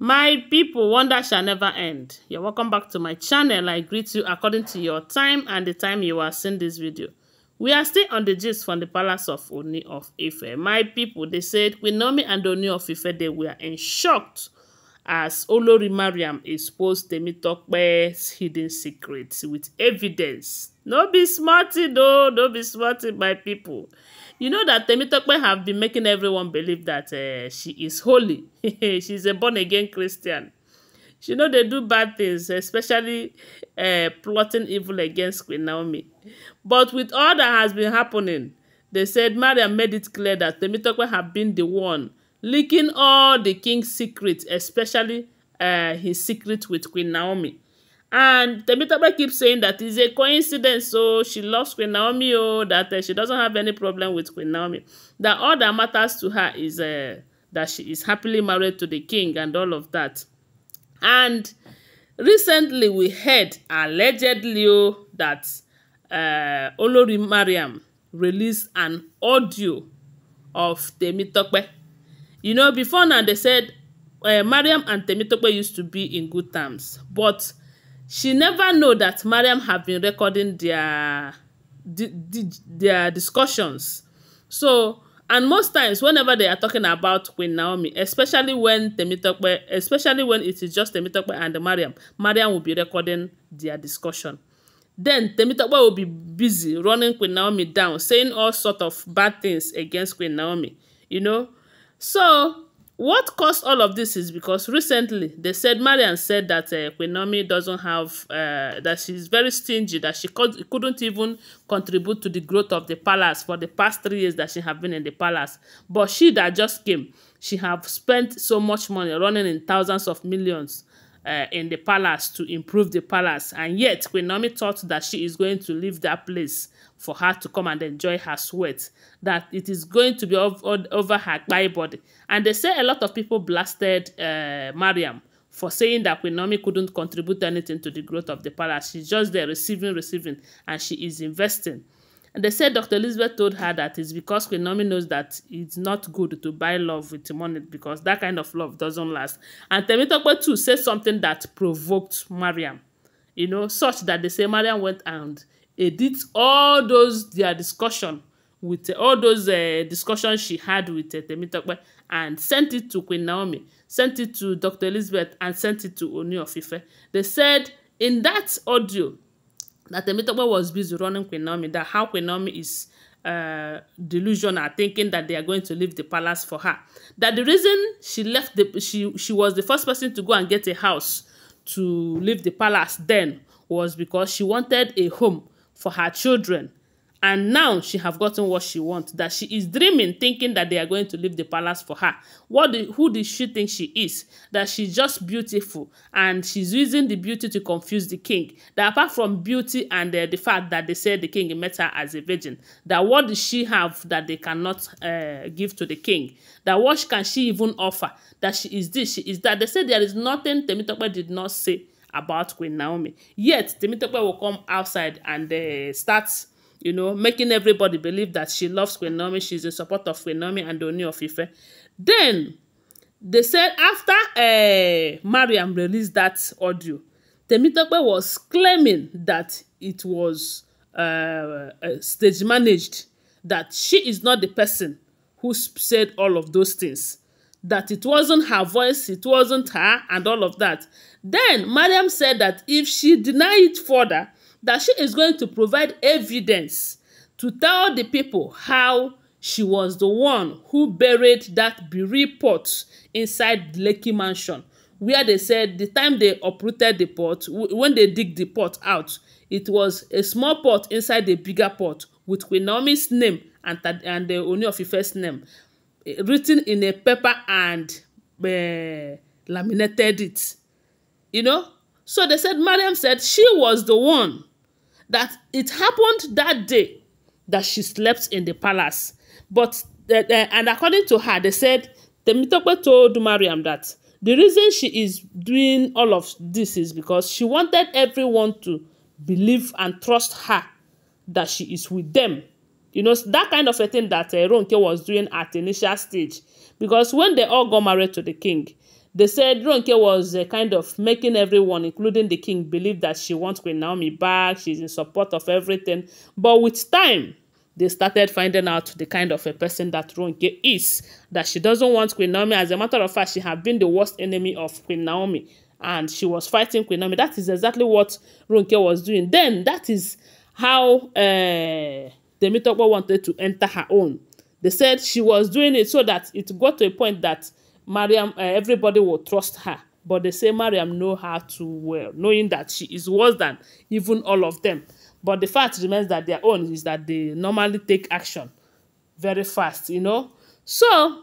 My people, wonder shall never end. You're welcome back to my channel. I greet you according to your time and the time you are seeing this video. We are still on the gist from the palace of Oni of Ife. My people, they said Queen Naomi and Oni of Ife, they were in shock as Olori Mariam exposed Temitope's hidden secrets with evidence. No be smarty, though. No be smarty, my people. You know that Temitope have been making everyone believe that uh, she is holy. She's a born-again Christian. She know they do bad things, especially uh, plotting evil against Queen Naomi. But with all that has been happening, they said Maria made it clear that Temitope have been the one leaking all the king's secrets, especially uh, his secret with Queen Naomi. And Temitope keeps saying that it's a coincidence. So she loves Queen Naomi, oh, that uh, she doesn't have any problem with Queen Naomi. That all that matters to her is uh, that she is happily married to the king and all of that. And recently we heard allegedly oh, that uh, Olori Mariam released an audio of Temitope. You know, before now they said uh, Mariam and Temitope used to be in good terms, but She never know that Mariam have been recording their their discussions. So, and most times whenever they are talking about Queen Naomi, especially when Temitope, especially when it is just Temitope and Mariam, Mariam will be recording their discussion. Then Temitope will be busy running Queen Naomi down, saying all sort of bad things against Queen Naomi, you know. So What caused all of this is because recently they said Marian said that uh, Kwenomi doesn't have, uh, that she's very stingy, that she could, couldn't even contribute to the growth of the palace for the past three years that she have been in the palace. But she that just came, she have spent so much money running in thousands of millions uh, in the palace to improve the palace. And yet, Queen Naomi thought that she is going to leave that place for her to come and enjoy her sweat, that it is going to be over, over her body. And they say a lot of people blasted uh, Mariam for saying that Queen Naomi couldn't contribute anything to the growth of the palace. She's just there receiving, receiving, and she is investing. And they said Dr. Elizabeth told her that it's because Queen Naomi knows that it's not good to buy love with money because that kind of love doesn't last. And Temitope too said something that provoked Mariam, you know, such that they say Mariam went and edit all those their discussion with uh, all those uh, eh, discussions she had with uh, Temitope and sent it to Queen Naomi, sent it to Dr. Elizabeth, and sent it to Oni of They said in that audio, that Temitope was busy running Queen Naomi, that how Queen Naomi is uh, delusional, thinking that they are going to leave the palace for her. That the reason she left the she she was the first person to go and get a house to leave the palace then was because she wanted a home for her children And now she have gotten what she wants, that she is dreaming, thinking that they are going to leave the palace for her. What do, who does she think she is? That she's just beautiful and she's using the beauty to confuse the king. That apart from beauty and uh, the fact that they said the king met her as a virgin, that what does she have that they cannot uh, give to the king? That what can she even offer? That she is this, she is that. They said there is nothing Temitope did not say about Queen Naomi. Yet, Temitope will come outside and uh, starts you know, making everybody believe that she loves Queen she's in support of Queen and Ooni of Ife. Then, they said after uh, Mariam released that audio, Temitope was claiming that it was uh, uh, stage managed, that she is not the person who said all of those things, that it wasn't her voice, it wasn't her, and all of that. Then Mariam said that if she denied it further, that she is going to provide evidence to tell the people how she was the one who buried that bereaved pot inside Lekki Mansion, where they said the time they uprooted the pot, when they dig the pot out, it was a small pot inside a bigger pot with Winomis name and, and the only of first name eh, written in a paper and uh, laminated it. You know? So they said, Mariam said she was the one that it happened that day that she slept in the palace. But, uh, uh, and according to her, they said, Temitope told Mariam that the reason she is doing all of this is because she wanted everyone to believe and trust her that she is with them. You know, that kind of a thing that uh, Ronke was doing at the initial stage. Because when they all got married to the king, They said Ronke was uh, kind of making everyone, including the king, believe that she wants Queen Naomi back. She's in support of everything. But with time, they started finding out the kind of a person that Ronke is, that she doesn't want Queen Naomi. As a matter of fact, she had been the worst enemy of Queen Naomi, and she was fighting Queen Naomi. That is exactly what Ronke was doing. Then that is how uh, eh, Demitopo wanted to enter her own. They said she was doing it so that it got to a point that Mariam, uh, everybody will trust her. But they say Mariam know her too well, knowing that she is worse than even all of them. But the fact remains that their own is that they normally take action very fast, you know. So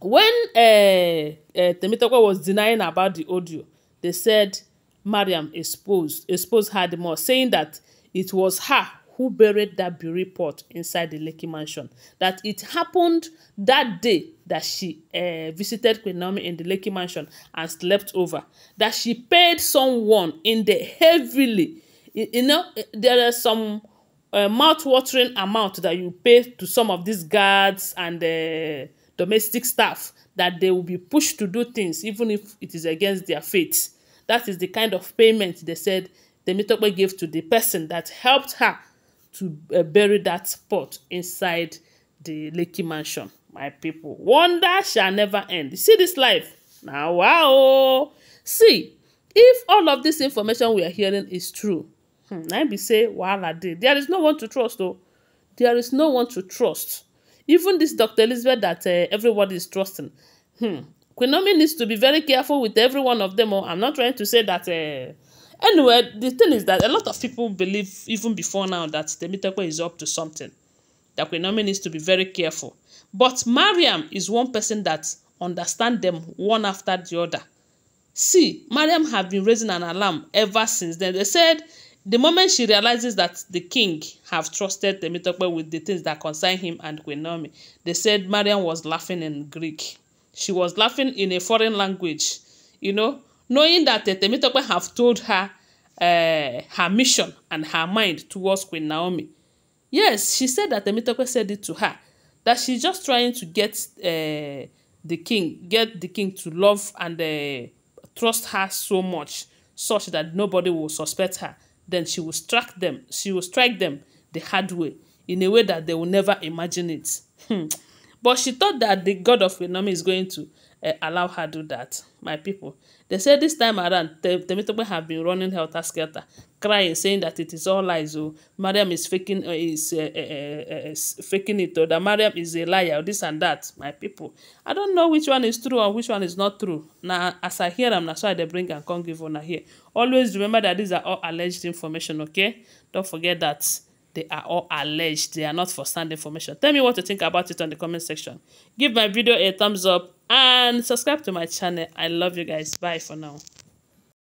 when uh, uh, Temitope was denying about the audio, they said Mariam exposed exposed her the more, saying that it was her who buried that burial pot inside the Lekki mansion. That it happened that day that she uh, visited Queen Naomi in the Lakey mansion and slept over. That she paid someone in the heavily. You, you know, there are some uh, mouth-watering amount that you pay to some of these guards and uh, domestic staff that they will be pushed to do things even if it is against their faith. That is the kind of payment they said Temitope gave to the person that helped her to uh, bury that pot inside the Lakey mansion my people wonder shall never end see this life now, wow see if all of this information we are hearing is true let hmm, me be say wahala dey there is no one to trust though. there is no one to trust even this dr elizabeth that uh, everybody is trusting hmm, Queen needs to be very careful with every one of them. Oh, I'm not trying to say that. Uh, anyway, the thing is that a lot of people believe even before now that Temitope is up to something. That Quinomi needs to be very careful. But Mariam is one person that understands them one after the other. See, Mariam have been raising an alarm ever since then. They said the moment she realizes that the king have trusted Temitope with the things that concern him and Queen Naomi, they said Mariam was laughing in Greek. She was laughing in a foreign language, you know, knowing that Temitope have told her uh, her mission and her mind towards Queen Naomi. Yes, she said that Temitope said it to her that she's just trying to get uh, the king, get the king to love and uh, trust her so much, such that nobody will suspect her. Then she will strike them. She will strike them the hard way, in a way that they will never imagine it. Hmm. but she thought that the god of Renome is going to uh, allow her do that my people they say this time around temitope have been running helter skelter crying saying that it is all lies Oh, mariam is faking uh, is uh, uh, uh, faking it Oh, that mariam is a liar oh, this and that my people i don't know which one is true or which one is not true Now, as i hear am na so they bring and come give una here always remember that these are all alleged information okay don't forget that. They are all alleged. They are not for sound information. Tell me what you think about it on the comment section. Give my video a thumbs up and subscribe to my channel. I love you guys. Bye for now.